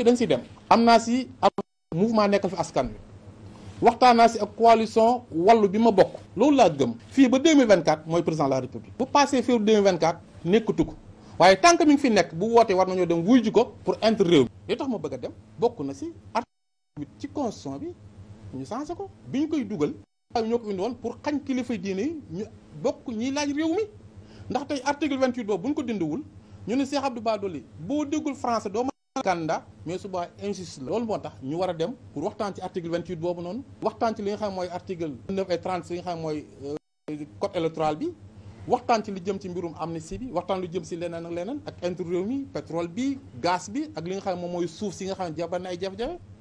bi dañ si dem am naa si ab mouvement nekkal fi askan bi waxtaan naa si ak coalition wàllu bi ma bokk loolu laa gëm fii ba 2024 mooy président de la république bu passé février 2024 nekkatu ko waaye tant que mi ngi fi nekk bu wootee war nañoo dem wuy ji ko pour entre réew mi li tax ma bëgg a dem bokk na si article ci constitution bi ñu changé ko bi ñu koy dugal waaye ñoo ko indi pour xañ kilifa diine yi ñu bokk ñiy laaj réew mi ndax tey article 28 boobu bu ko dindiwul ñu ne Cheikh Abdou Bara Dolly candidat mais su boobaa injustice la loolu moo tax ñu war a dem pour waxtaan ci article 28 boobu noonu waxtaan ci li nga xam mooy article 9 et 30 li nga xam mooy euh, code électoral bi waxtaan ci lu jëm ci mbirum am amnistie bi waxtaan lu jëm si leneen ak leneen ak intérêt réew mi pétrole bi gaz bi ak li nga xam moom mooy suuf si nga xam ne jabar na ay jafe-jafe